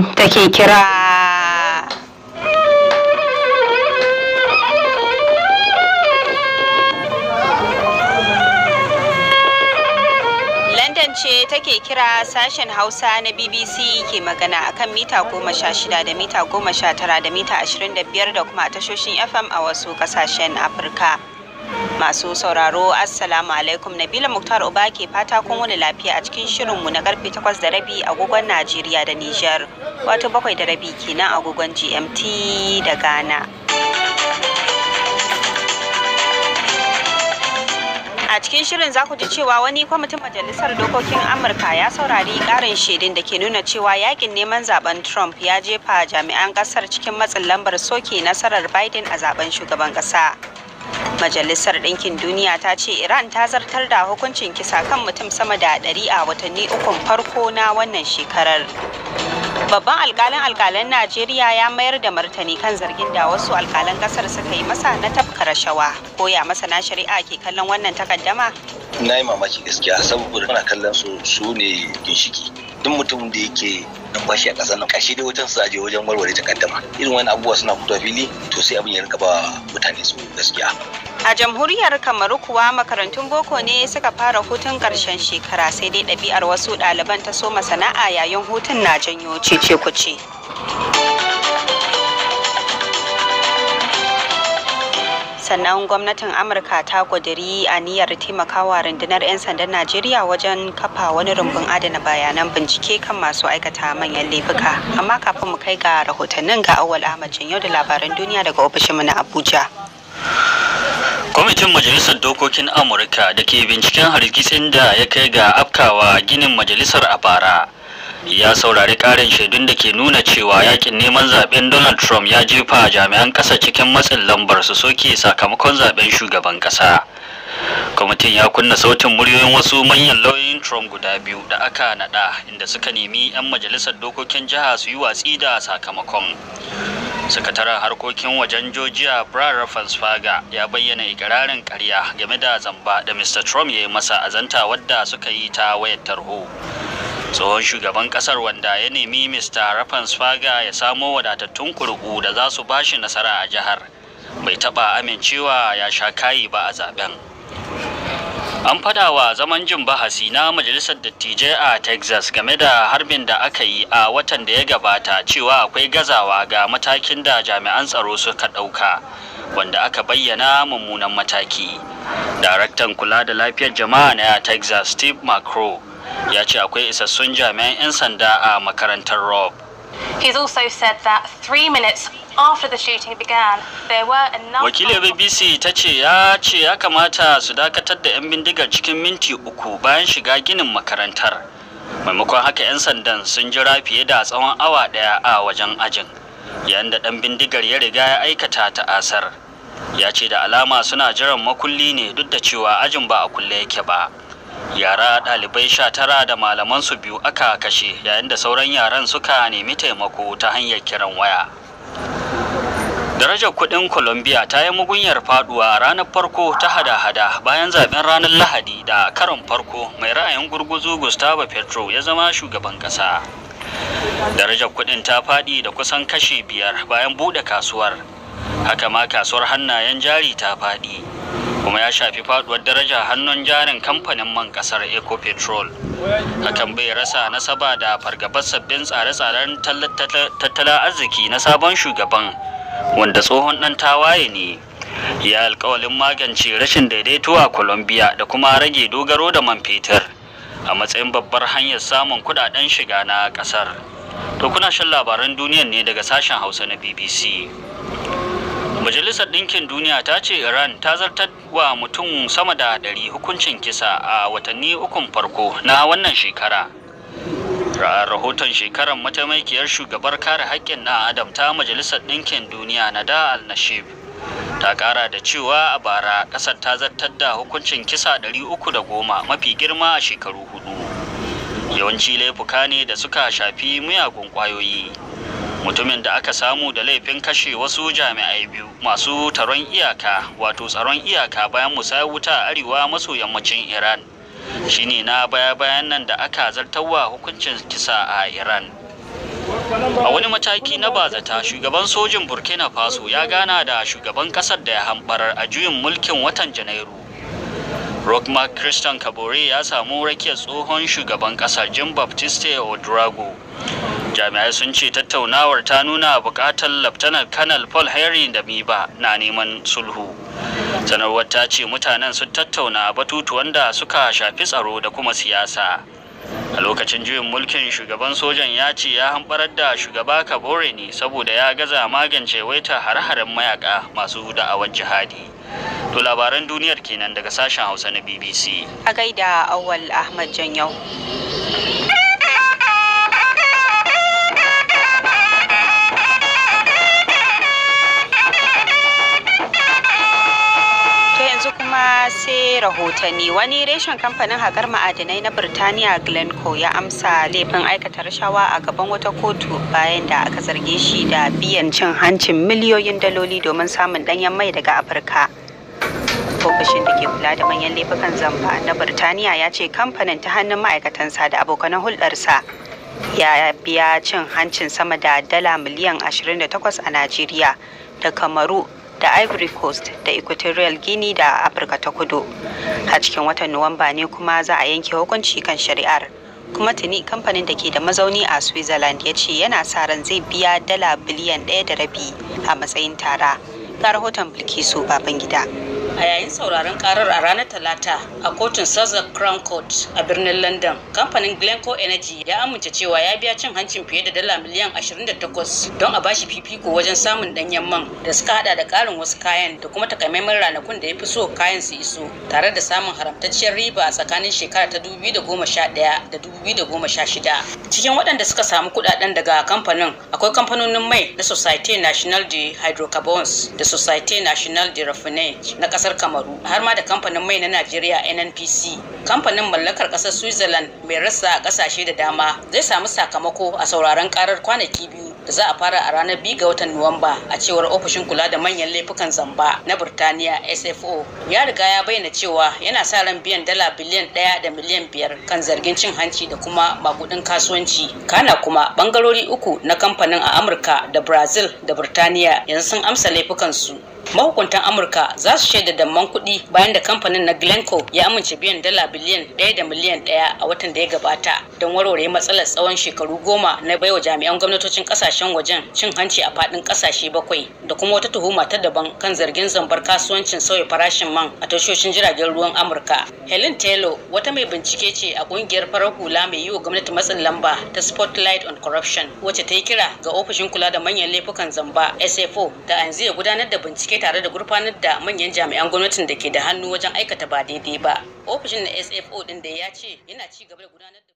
take care. ce take kira sashen Hausa na BBC ke magana akan mita goma sha shida da mita goma sha tara da mita ashirin da biyar da kuma tashoshin FM a wasu kasashen Afirka. masu sauraro assalamu alaikum nabila muktar uba ke fata kun wani lafiya a cikin shirin shirinmu na karfe 8 da rabi agogon najeriya da nijar wato 7 da rabi kenan agogon gmt da ghana a cikin shirin za ku ji cewa wani kwamitin majalisar dokokin amurka ya saurari karin shaidun da ke nuna cewa yakin neman zaben trump ya jefa jami'an kasar cikin matsin lambar soke nasarar biden a zaben shugaban kasa Majalisar Ɗinkin Duniya ta ce Iran ta zartar da hukuncin kisa kan mutum sama da ɗari a watanni ukun farko na wannan shekarar. Babban alkalin alkalin Najeriya ya mayar da martani kan zargin da wasu alkalan kasar suka yi masa na tafka rashawa. Koya masana shari'a ke kallon wannan takaddama? Na yi mamaki gaskiya saboda kana kallon su su ne ginshiki duk mutumin da yake numfashi a ƙasa nan kashi dai wajen saje wajen warware takaddama irin wani abubuwa suna fito fili to sai abin ya rika ba mutane su gaskiya a jamhuriyar kamaru kuwa makarantun boko ne suka fara hutun ƙarshen shekara sai dai ɗabi'ar wasu ɗaliban ta soma sana'a yayin hutun na janyo cece kuce sannan gwamnatin amurka ta ƙudiri aniyar taimakawa rundunar 'yan sandan najeriya wajen kafa wani rumbun adana bayanan bincike kan masu aikata manyan laifuka amma kafin mu kai ga rahotannin ga awal ahmad yau da labaran duniya daga ofishinmu na abuja kwamitin majalisar dokokin amurka da ke binciken hargitsin da ya kai ga afkawa ginin majalisar a bara ya saurari ƙarin shaidun da ke nuna cewa yakin neman zaben Donald Trump ya jefa jami'an ƙasa cikin matsin lambar su soke sakamakon zaben shugaban ƙasa. Kwamitin ya kunna sautin muryoyin wasu manyan lauyoyin Trump guda biyu da aka nada inda suka nemi 'yan majalisar dokokin jiha su yi watsi da sakamakon. sakataren harkokin wajen georgia brad raffensperger ya bayyana ikirarin karya game da zamba da mr trump ya yi masa azanta wadda suka yi ta wayar tarho tsohon shugaban kasar wanda ya nemi mr rafansfaga ya samo wadatattun kurgu da za su bashi nasara a jihar bai taba amincewa ya sha kayi ba a zaben an wa zaman jin bahasi na majalisar dattijai a texas game da harbin da aka yi a watan da ya gabata cewa akwai gazawa ga matakin da jami'an tsaro suka ɗauka wanda aka bayyana mummunan mataki daraktan kula da lafiyar jama'a na texas steve macro ya ce akwai isassun jami'an 'yan sanda a makarantar rob He's also said that three minutes after the shooting began, there were enough... Wakilin BBC ta ce ya ce ya kamata su dakatar da 'yan bindigar cikin minti uku bayan shiga ginin makarantar. Maimakon haka 'yan sandan sun jira fiye da tsawon awa ɗaya a wajen ajin, yayin da ɗan bindigar ya riga ya aikata asar. Ya ce da alama suna jiran makulli ne duk da cewa ajin ba a kulle yake ba. yara ɗalibai sha tara da malaman su biyu aka kashe yayin da sauran yaran suka nemi taimako ta hanyar kiran waya darajar kudin colombia ta yi mugunyar faduwa ranar farko ta hada-hada bayan zaben ranar lahadi da karon farko mai ra'ayin gurguzu gustavo petro ya zama shugaban kasa darajar kudin ta fadi da kusan kashi biyar bayan bude kasuwar haka ma kasuwar hannayen jari ta fadi kuma ya shafi faduwar daraja hannun jarin kamfanin man kasar ecopetrol hakan bai rasa nasaba da fargabar sabbin tsare-tsaren tattalin arziki na sabon shugaban wanda tsohon dan tawaye ne ya alkawalin magance rashin daidaito a colombia da kuma rage dogaro da man fetur a matsayin babbar hanyar samun kudaden shiga na kasar to kuna shan labaran duniyan ne daga sashen hausa na bbc Majalisar Ɗinkin Duniya ta ce Iran ta zartar wa mutum sama da ɗari hukuncin kisa a watanni ukun farko na wannan shekara. rahoton shekarar mataimakiyar shugabar kare haƙƙin na adam ta majalisar ɗinkin duniya na da al ta ƙara da cewa a bara ƙasar ta zartar da hukuncin kisa uku da goma mafi girma a shekaru hudu yawanci laifuka ne da suka shafi miyagun ƙwayoyi mutumin da aka samu da laifin kashe wasu jami'ai biyu masu taron iyaka wato tsaron iyaka bayan musayar wuta a arewa maso yammacin iran shine na baya-bayan nan da aka zartarwa hukuncin kisa a iran a wani mataki na bazata shugaban sojin burkina faso ya gana da shugaban kasar da ya hambarar a juyin mulkin watan janairu rockmark christian kabore ya samu rakiyar tsohon shugaban kasar jim baptiste odrago jami'ai sun ce tattaunawar ta nuna bukatar laftanar kanal paul harry da miba na neman sulhu sanarwar ta ce mutanen sun tattauna batutuwan da suka shafi tsaro da kuma siyasa a lokacin juyin mulkin shugaban sojan ya ce ya hamɓarar da shugaba kabore ne saboda ya gaza magance waita har-haren mayaka masu da'awar jihadi to labaran duniyar kenan daga sashen hausa na bbc a gaida awal ahmad janyau sai rahotanni wani reshen kamfanin haƙar ma'adinai na Birtaniya Glencoe ya amsa laifin aikata rashawa a gaban wata kotu bayan da aka zarge shi da biyan cin hancin miliyoyin daloli domin samun ɗanyen mai daga Afirka. Ofishin da ke kula da manyan laifukan zamba na Birtaniya ya ce kamfanin ta hannun ma'aikatansa da abokan hulɗarsa ya biya cin hancin sama da dala miliyan 28 a Najeriya da Kamaru da ivory coast da equatorial guinea da afirka ta kudu a cikin watan nuwamba ne kuma za a yanke hukunci kan shari'ar kuma tuni kamfanin da ke da mazauni a switzerland ya ce yana sa ran zai biya dala biliyan ɗaya da rabi a matsayin tara ga rahoton bilkisu babangida gida a yayin sauraron karar a ranar talata a kotun sussex crown court a birnin london kamfanin glencoe energy ya amince cewa ya biya cin hancin fiye da dala miliyan 28 don a bashi fifiko wajen samun danyen man da suka hada da karin wasu kayan da kuma takamaiman ranakun da ya fi so kayan su iso tare da samun haramtacciyar riba a tsakanin shekara ta 2011 da 2016 cikin waɗanda suka samu kuɗaɗen daga kamfanin akwai kamfanonin mai na Society national de hydrocarbons da Society national de refinage na ƙasa kasar kamaru har ma da kamfanin mai na najeriya nnpc kamfanin mallakar kasar switzerland mai rasa a kasashe da dama zai samu sakamako a sauraron karar kwanaki biyu da za a fara a ranar 2 ga watan nuwamba a cewar ofishin kula da manyan laifukan zamba na Birtaniya sfo ya riga ya bayyana cewa yana sa ran biyan dala biliyan ɗaya da miliyan biyar kan zargin cin hanci da kuma makudin kasuwanci kana kuma bangarori uku na kamfanin a amurka da brazil da Birtaniya yanzu sun amsa laifukan su mahukuntan amurka za su shaida damman kuɗi bayan da kamfanin na Glenco ya amince biyan dala biliyan ɗaya da miliyan ɗaya a watan da ya gabata don warware matsalar tsawon shekaru goma na baiwa jami'an gwamnatocin ƙasashen wajen cin hanci a faɗin kasashe bakwai da kuma wata tuhuma ta daban kan zargin zambar kasuwancin sauya farashin man a tashoshin jiragen ruwan amurka helen taylor wata mai bincike ce a ƙungiyar farar hula mai yi wa gwamnati matsin lamba ta spotlight on corruption wacce ta yi kira ga ofishin kula da manyan laifukan zamba sfo da yanzu ya gudanar da bincike bincike tare da gurfanar da manyan jami'an gwamnatin da ke da hannu wajen aikata ba daidai ba ofishin na sfo din da ya ce yana ci gaba da gudanar da